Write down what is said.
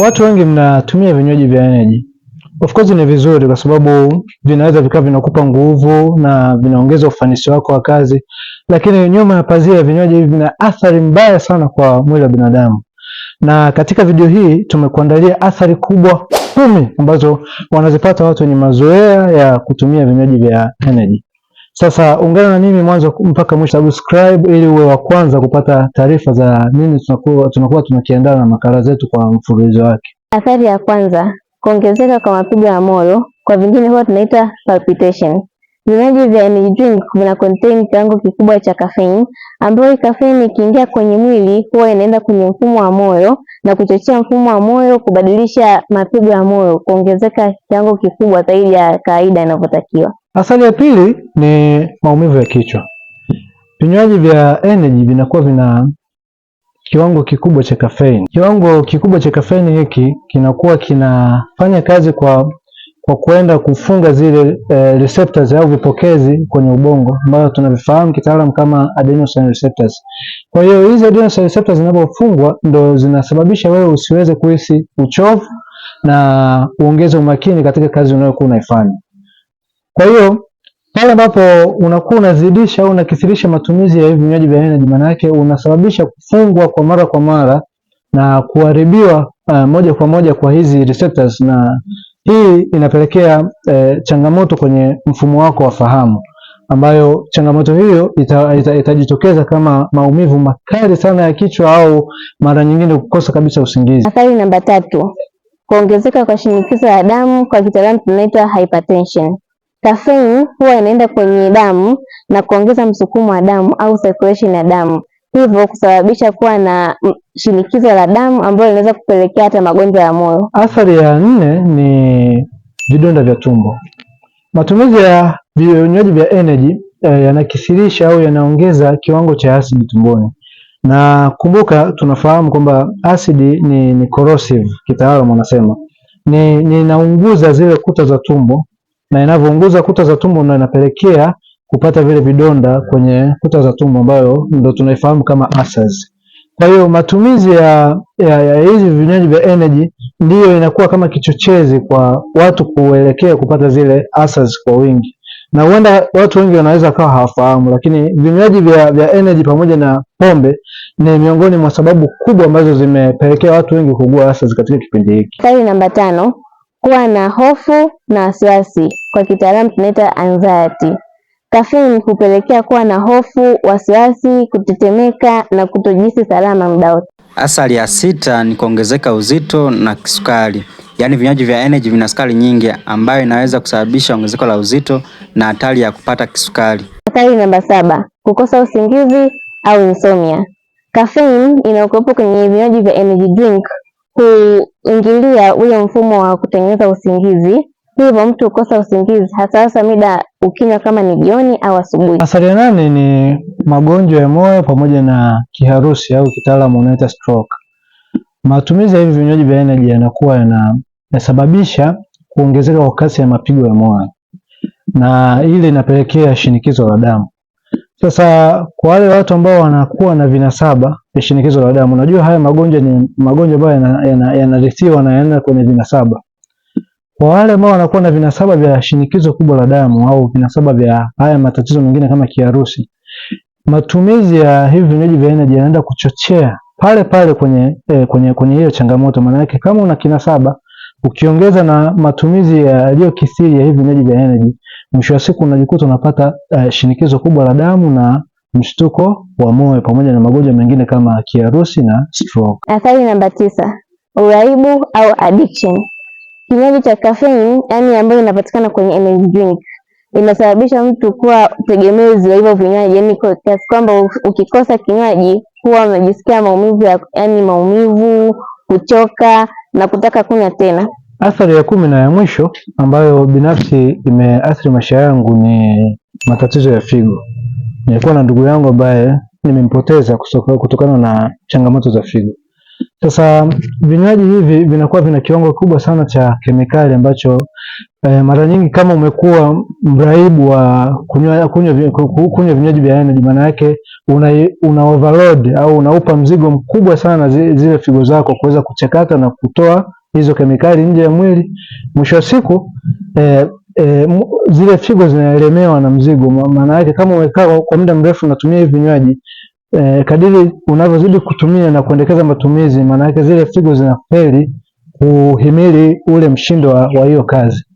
Watu wengi mnatumia vinywaji vya energy. Of course ni vizuri kwa sababu vinaweza vikawa vinakupa nguvu na vinaongeza ufanisi wako wa kazi, lakini nyuma ya pazia vinywaji hivi vina athari mbaya sana kwa mwili wa binadamu, na katika video hii tumekuandalia athari kubwa kumi ambazo wanazipata watu wenye mazoea ya kutumia vinywaji vya energy. Sasa ungana na mimi mwanzo mpaka mwisho, subscribe ili uwe wa kwanza kupata taarifa za nini tunakuwa, tunakuwa tunakiandaa na makala zetu kwa mfululizo wake. Athari ya kwanza, kuongezeka kwa mapigo ya moyo, kwa vingine huwa tunaita palpitation. Vinywaji vya energy drink vina contain kiwango kikubwa cha caffeine, ambayo caffeine ikiingia kwenye mwili huwa inaenda kwenye mfumo wa moyo na kuchochea mfumo wa moyo kubadilisha mapigo ya moyo kuongezeka kiwango kikubwa zaidi ya kawaida inavyotakiwa. Athari ya pili ni maumivu ya kichwa. Vinywaji vya energy vinakuwa vina kiwango kikubwa cha caffeine. Kiwango kikubwa cha caffeine hiki kinakuwa kinafanya kazi kwa kwa kwenda kufunga zile e, receptors au vipokezi kwenye ubongo ambayo tunavifahamu kitaalamu kama adenosine receptors. Kwa hiyo hizi adenosine receptors zinapofungwa ndo zinasababisha wewe usiweze kuhisi uchovu na uongeze umakini katika kazi unayokuwa unaifanya. Kwa hiyo pale ambapo unakuwa unazidisha au unakithirisha matumizi ya hivi vinywaji vya energy, maana yake unasababisha kufungwa kwa mara kwa mara na kuharibiwa uh, moja kwa moja kwa hizi receptors, na hii inapelekea uh, changamoto kwenye mfumo wako wa fahamu, ambayo changamoto hiyo itajitokeza ita, ita kama maumivu makali sana ya kichwa au mara nyingine kukosa kabisa usingizi. Athari namba tatu, kuongezeka kwa shinikizo la damu, kwa kitaalamu tunaita hypertension. Caffeine huwa inaenda kwenye damu na kuongeza msukumo wa damu au circulation ya damu hivyo kusababisha kuwa na shinikizo la damu ambayo linaweza kupelekea hata magonjwa ya moyo. Athari ya nne ni vidonda vya tumbo. Matumizi ya vinywaji vya energy eh, yanakisirisha au yanaongeza kiwango cha asidi tumboni, na kumbuka, tunafahamu kwamba asidi ni, ni corrosive kitaalamu wanasema ni, ninaunguza zile kuta za tumbo na inavyounguza kuta za tumbo na inapelekea kupata vile vidonda kwenye kuta za tumbo ambayo ndo tunaifahamu kama ulcers. Kwa hiyo matumizi ya hizi vinywaji vya energy ndiyo inakuwa kama kichochezi kwa watu kuelekea kupata zile ulcers kwa wingi, na huenda watu wengi wanaweza kawa hawafahamu, lakini vinywaji vya, vya energy pamoja na pombe ni miongoni mwa sababu kubwa ambazo zimepelekea watu wengi kuugua ulcers katika kipindi hiki. Namba tano kuwa na hofu na wasiwasi, kwa kitaalamu tunaita anxiety. Caffeine hupelekea kuwa na hofu, wasiwasi, kutetemeka na kutojisi salama muda wote. Athari ya sita ni kuongezeka uzito na kisukari, yaani vinywaji vya energy vina sukari nyingi ambayo inaweza kusababisha ongezeko la uzito na hatari ya kupata kisukari. Hatari namba saba, kukosa usingizi au insomnia. Caffeine inayokuwepo kwenye vinywaji vya energy drink kuingilia ule mfumo wa kutengeneza usingizi, hivyo mtu hukosa usingizi hasa hasa mida ukinywa kama ni jioni au asubuhi. Athari ya nane ni magonjwa ya moyo pamoja na kiharusi au kitaalamu unaita stroke. Matumizi ya hivi vinywaji vya energy yanakuwa yanasababisha kuongezeka kwa kasi ya mapigo ya moyo na ile inapelekea shinikizo la damu. Sasa kwa wale watu ambao wanakuwa na vinasaba vya shinikizo la damu, unajua haya magonjwa ni magonjwa ambayo yanarithiwa na yanaenda kwenye vinasaba. Kwa wale ambao wanakuwa na vinasaba vya shinikizo kubwa la damu au vinasaba vya haya matatizo mengine kama kiharusi, matumizi ya hivi vinywaji vya energy yanaenda kuchochea pale pale kwenye eh, kwenye kwenye hiyo changamoto. Maana yake kama una kinasaba ukiongeza na matumizi kisiri ya hivi vinywaji vya energy mwisho wa siku unajikuta unapata uh, shinikizo kubwa la damu na mshtuko wa moyo pamoja na magonjwa mengine kama kiharusi na stroke. Athari namba tisa, uraibu au addiction. Kinywaji cha caffeine, yani ambayo inapatikana kwenye energy drink inasababisha mtu kuwa tegemezi wa hivyo vinywaji, yani kiasi kwamba ukikosa kinywaji huwa unajisikia maumivu, yani maumivu, kuchoka na kutaka kunywa tena. Athari ya kumi na ya mwisho ambayo binafsi imeathiri maisha yangu ni matatizo ya figo. Nilikuwa na ndugu yangu ambaye nimempoteza kutokana na changamoto za figo. Sasa vinywaji hivi vinakuwa vina kiwango kubwa sana cha kemikali ambacho eh, mara nyingi kama umekuwa mraibu wa kunywa kunywa vinywaji vya energy, maana yake una, una overload au unaupa mzigo mkubwa sana zile figo zako kuweza kuchakata na kutoa hizo kemikali nje ya mwili. Mwisho wa siku eh, eh, zile figo zinaelemewa na mzigo. Maana yake kama umekaa kwa muda mrefu unatumia hivi vinywaji eh, kadiri unavyozidi kutumia na kuendekeza matumizi, maana yake zile figo zinafeli kuhimili ule mshindo wa hiyo kazi.